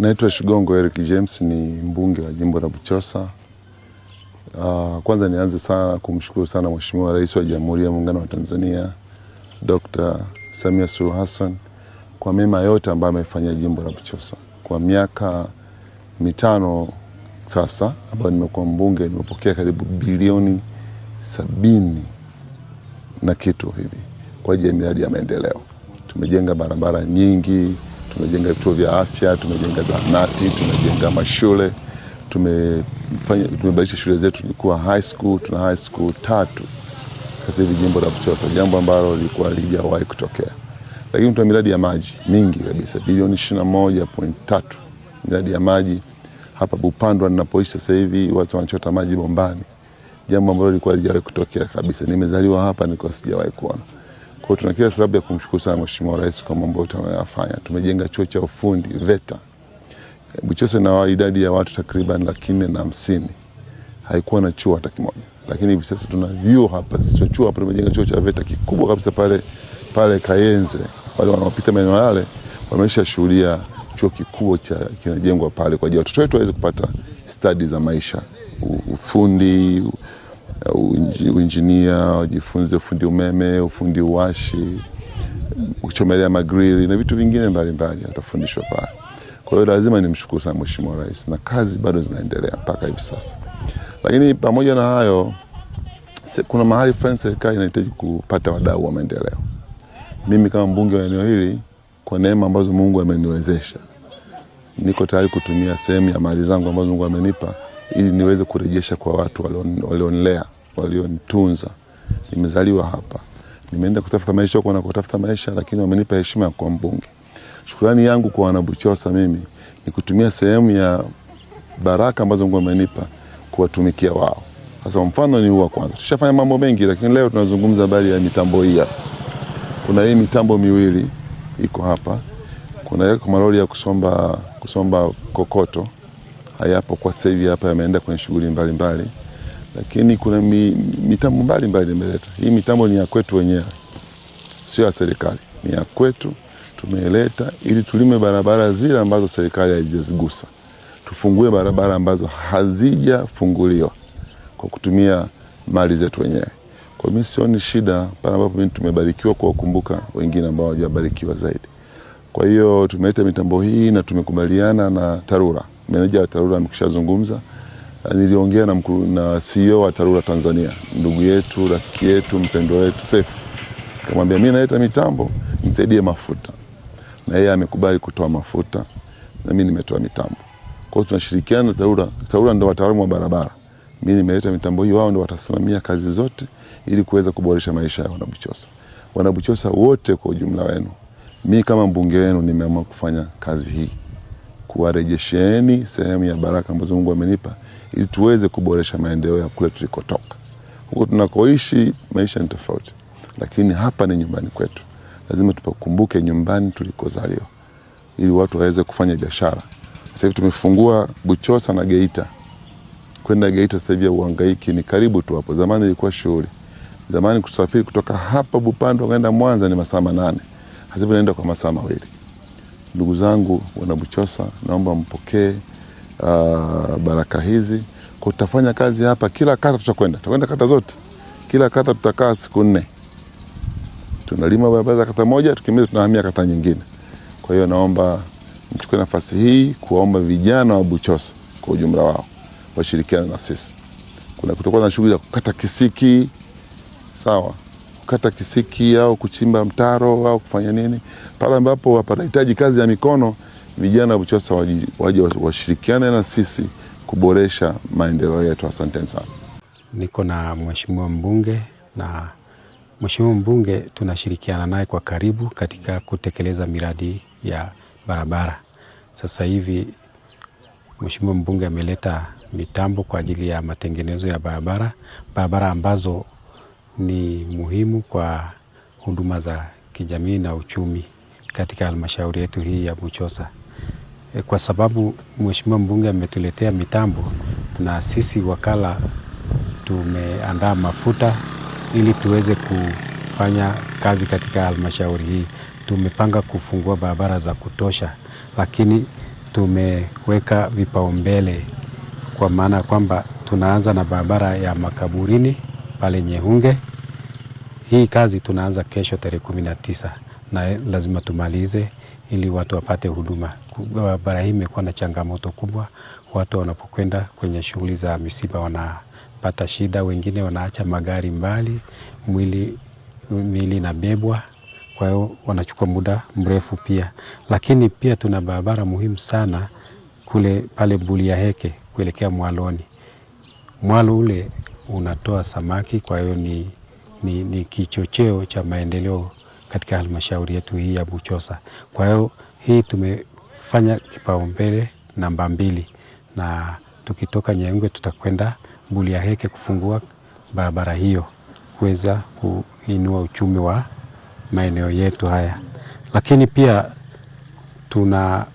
Naitwa Shigongo Eric James, ni mbunge wa jimbo la Buchosa. Uh, kwanza nianze sana kumshukuru sana Mheshimiwa Rais wa Jamhuri ya Muungano wa Tanzania Dr. Samia Suluhu Hassan kwa mema yote ambayo amefanya jimbo la Buchosa kwa miaka mitano sasa ambayo nimekuwa mbunge, nimepokea karibu bilioni sabini na kitu hivi kwa ajili ya miradi ya maendeleo. Tumejenga barabara nyingi tumejenga vituo vya afya, tumejenga zahanati, tumejenga mashule, tumebadilisha shule zetu kuwa high school. Tuna high school tatu sasa hivi jimbo la Buchosa, jambo ambalo lilikuwa halijawahi kutokea. Lakini tuna miradi ya maji mingi kabisa, bilioni 21.3 miradi ya maji hapa Bupandwa ninapoishi sasa hivi watu wanachota maji bombani, jambo ambalo lilikuwa halijawahi kutokea kabisa. Nimezaliwa hapa, nilikuwa sijawahi kuona kwa tuna kila sababu ya kumshukuru sana Mheshimiwa Rais kwa mambo yote anayoyafanya. Tumejenga chuo cha ufundi VETA. Buchosa na idadi ya watu takriban laki nne na hamsini, haikuwa na chuo hata kimoja, lakini hivi sasa tuna vyuo hapa, sio chuo hapa. Tumejenga chuo cha VETA kikubwa kabisa pale pale Kayenze. Wale wanaopita maeneo yale shuhudia chuo kikubwa cha kinajengwa pale kwa ajili ya watoto wetu waweze kupata stadi za maisha, ufundi uinjinia, wajifunze ufundi umeme, ufundi uwashi, kuchomelea magrili na vitu vingine mbalimbali watafundishwa pale. Kwa hiyo lazima nimshukuru sana Mheshimiwa Rais na kazi bado zinaendelea mpaka hivi sasa. Lakini pamoja na hayo, kuna mahali fulani serikali inahitaji kupata wadau wa maendeleo. Mimi kama mbunge wa eneo hili, kwa neema ambazo Mungu ameniwezesha, niko tayari kutumia sehemu ya mali zangu ambazo Mungu amenipa ili niweze kurejesha kwa watu walionlea, walionitunza. Nimezaliwa hapa, nimeenda kutafuta maisha huko na kutafuta maisha, lakini wamenipa heshima ya kuwa mbunge. Shukrani yangu kwa wanabuchosa mimi ni kutumia sehemu ya baraka ambazo Mungu amenipa kuwatumikia wao. Sasa mfano ni huwa kwanza, tushafanya mambo mengi, lakini leo tunazungumza habari ya mitambo hii hapa. Kuna hii mitambo miwili iko hapa, kuna yako malori ya kusomba, kusomba kokoto hayapo kwa sasa hivi hapa, yameenda kwenye shughuli mbalimbali, lakini kuna mi, mitambo mbalimbali imeleta. Hii mitambo ni ya kwetu wenyewe, sio ya serikali, ni ya kwetu tumeleta ili tulime barabara zile ambazo serikali haijazigusa, tufungue barabara ambazo hazijafunguliwa kwa kutumia mali zetu wenyewe. Kwa mi sioni shida pale ambapo mi tumebarikiwa kuwakumbuka wengine ambao hawajabarikiwa zaidi. Kwa hiyo tumeleta mitambo hii na tumekubaliana na TARURA meneja wa TARURA amekishazungumza. Niliongea na, na CEO wa TARURA Tanzania, ndugu yetu, rafiki yetu, mpendwa wetu Sefu, kamwambia mimi naleta mitambo, nisaidie mafuta, na yeye amekubali kutoa mafuta na mimi nimetoa mitambo. Kwa hiyo tunashirikiana na TARURA. TARURA ndio wataalamu wa barabara, mimi nimeleta mitambo hii, wao ndio watasimamia kazi zote ili kuweza kuboresha maisha ya wanabuchosa, wanabuchosa wote kwa ujumla wenu. Mimi kama mbunge wenu nimeamua kufanya kazi hii kuwarejesheni sehemu ya baraka ambazo Mungu amenipa ili tuweze kuboresha maendeleo ya kule tulikotoka. Huko tunakoishi maisha ni tofauti, lakini hapa ni nyumbani kwetu. Lazima tupakumbuke nyumbani tulikozaliwa, ili watu waweze kufanya biashara. Sasa hivi tumefungua Buchosa na Geita. Kwenda Geita sasa hivi uhangaiki, ni karibu tu hapo. Zamani ilikuwa shughuli. Zamani kusafiri kutoka hapa Bupando kwenda Mwanza ni masaa manane, sasa hivi naenda kwa masaa mawili. Ndugu zangu Wanabuchosa, naomba mpokee uh, baraka hizi. Kwa tutafanya kazi hapa, kila kata tutakwenda, tutakwenda kata zote, kila kata tutakaa siku nne, tunalima barabara za kata moja, tukimaliza tunahamia kata nyingine. Kwa hiyo naomba mchukue nafasi hii kuwaomba vijana wa Buchosa kwa ujumla wao washirikiane na sisi. Kuna kutokuwa na shughuli za kukata kisiki, sawa kukata kisiki au kuchimba mtaro au kufanya nini, pale ambapo panahitaji kazi ya mikono, vijana wa Buchosa waje washirikiane na sisi kuboresha maendeleo yetu. Asanteni sana. Niko na mheshimiwa mbunge na mheshimiwa mbunge tunashirikiana naye kwa karibu katika kutekeleza miradi ya barabara. Sasa hivi mheshimiwa mbunge ameleta mitambo kwa ajili ya matengenezo ya barabara, barabara ambazo ni muhimu kwa huduma za kijamii na uchumi katika halmashauri yetu hii ya Buchosa. E, kwa sababu mheshimiwa mbunge ametuletea mitambo, na sisi wakala tumeandaa mafuta ili tuweze kufanya kazi katika halmashauri hii. Tumepanga kufungua barabara za kutosha, lakini tumeweka vipaumbele kwa maana ya kwamba tunaanza na barabara ya Makaburini pale Nyehunge. Hii kazi tunaanza kesho tarehe kumi na tisa na lazima tumalize ili watu wapate huduma. Barabara hii imekuwa na changamoto kubwa, watu wanapokwenda kwenye shughuli za misiba wanapata shida, wengine wanaacha magari mbali, mwili miili inabebwa, kwa hiyo wanachukua muda mrefu pia. Lakini pia tuna barabara muhimu sana kule pale Buliaheke kuelekea Mwaloni. Mwalo ule unatoa samaki, kwa hiyo ni, ni, ni kichocheo cha maendeleo katika halmashauri yetu hii ya Buchosa. Kwa hiyo hii tumefanya kipaumbele namba mbili, na tukitoka Nyeungwe tutakwenda heke kufungua barabara hiyo kuweza kuinua uchumi wa maeneo yetu haya, lakini pia tuna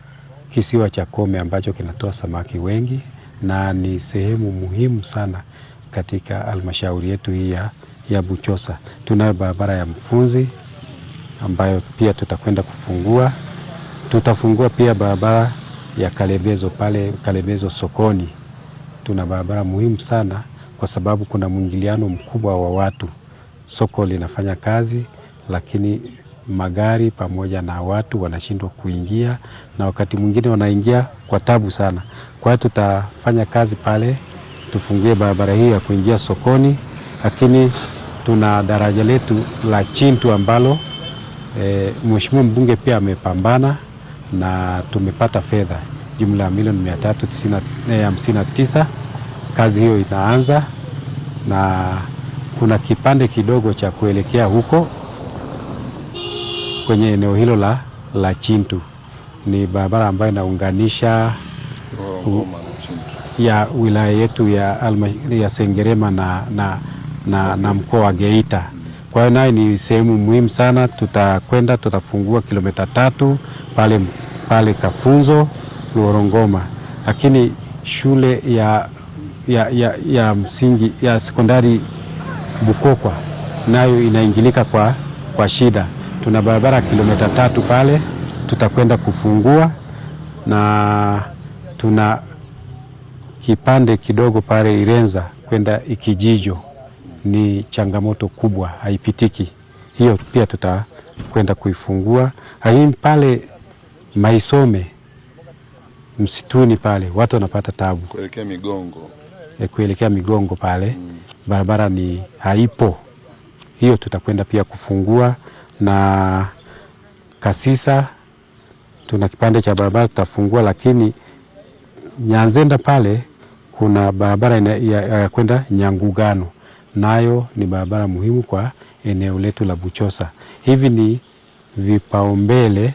kisiwa cha Kome ambacho kinatoa samaki wengi na ni sehemu muhimu sana katika halmashauri yetu hii ya, ya Buchosa. Tunayo barabara ya Mfunzi ambayo pia tutakwenda kufungua. Tutafungua pia barabara ya Kalebezo pale Kalebezo sokoni. Tuna barabara muhimu sana kwa sababu kuna mwingiliano mkubwa wa watu. Soko linafanya kazi, lakini magari pamoja na watu wanashindwa kuingia, na wakati mwingine wanaingia kwa tabu sana. Kwa hiyo tutafanya kazi pale tufungue barabara hii ya kuingia sokoni, lakini tuna daraja letu la Chintu ambalo e, mheshimiwa mbunge pia amepambana na tumepata fedha jumla ya milioni 359. Eh, Kazi hiyo inaanza na kuna kipande kidogo cha kuelekea huko kwenye eneo hilo la, la Chintu. Ni barabara ambayo inaunganisha ya wilaya yetu ya, alma, ya Sengerema na, na, na, na mkoa wa Geita. Kwa hiyo naye ni sehemu muhimu sana, tutakwenda tutafungua kilomita tatu pale, pale Kafunzo Luorongoma, lakini shule ya, ya, ya, ya msingi ya sekondari Bukokwa nayo inaingilika kwa, kwa shida. Tuna barabara kilomita tatu pale tutakwenda kufungua na tuna kipande kidogo pale Irenza kwenda Ikijijo ni changamoto kubwa, haipitiki. Hiyo pia tutakwenda kuifungua. Lakini pale Maisome msituni pale watu wanapata tabu kuelekea Migongo, e, kuelekea Migongo pale mm. barabara ni haipo. Hiyo tutakwenda pia kufungua na Kasisa tuna kipande cha barabara tutafungua, lakini Nyanzenda pale kuna barabara ya kwenda Nyangugano, nayo ni barabara muhimu kwa eneo letu la Buchosa. Hivi ni vipaumbele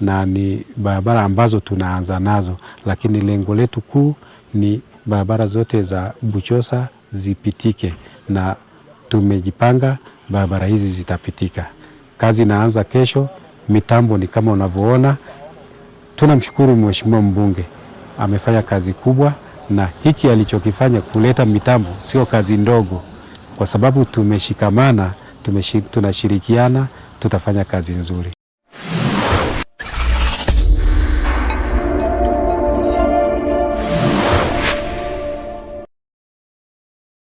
na ni barabara ambazo tunaanza nazo, lakini lengo letu kuu ni barabara zote za Buchosa zipitike, na tumejipanga, barabara hizi zitapitika. Kazi inaanza kesho. Mitambo ni kama unavyoona. Tunamshukuru mheshimiwa mbunge, amefanya kazi kubwa na hiki alichokifanya kuleta mitambo sio kazi ndogo, kwa sababu tumeshikamana, tumeshi, tunashirikiana tutafanya kazi nzuri.